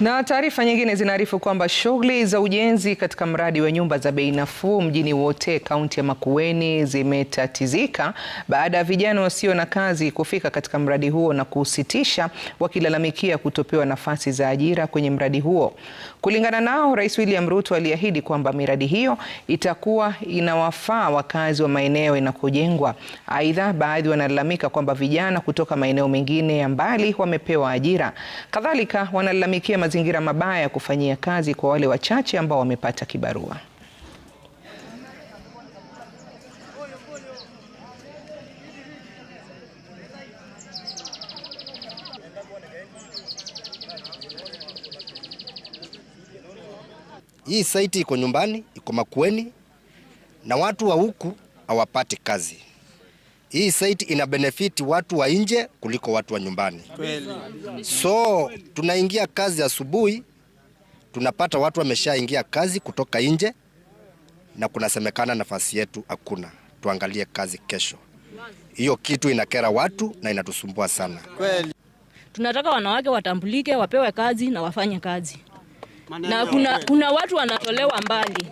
Na taarifa nyingine zinaarifu kwamba shughuli za ujenzi katika mradi wa nyumba za bei nafuu mjini Wote, kaunti ya Makueni zimetatizika baada ya vijana wasio na kazi kufika katika mradi huo na kuusitisha, wakilalamikia kutopewa nafasi za ajira kwenye mradi huo. Kulingana nao, Rais William Ruto aliahidi kwamba miradi hiyo itakuwa inawafaa wakazi wa maeneo inakojengwa. Aidha, baadhi wanalalamika kwamba vijana kutoka maeneo mengine ya mbali wamepewa ajira. Kadhalika, wanalalamikia mazingira mabaya ya kufanyia kazi kwa wale wachache ambao wamepata kibarua. Hii saiti iko nyumbani, iko Makueni na watu wa huku hawapati kazi hii site ina benefit watu wa nje kuliko watu wa nyumbani. So tunaingia kazi asubuhi, tunapata watu wameshaingia kazi kutoka nje, na kunasemekana nafasi yetu hakuna. Tuangalie kazi kesho. Hiyo kitu inakera watu na inatusumbua sana. Tunataka wanawake watambulike, wapewe kazi na wafanye kazi, na kuna, kuna watu wanatolewa mbali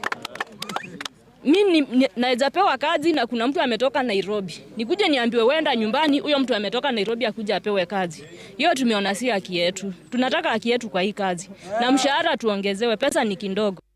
mi naweza pewa kazi na kuna mtu ametoka Nairobi, nikuje niambiwe wenda nyumbani, huyo mtu ametoka Nairobi akuja apewe kazi hiyo. Tumeona si haki yetu, tunataka haki yetu kwa hii kazi, na mshahara tuongezewe, pesa ni kidogo.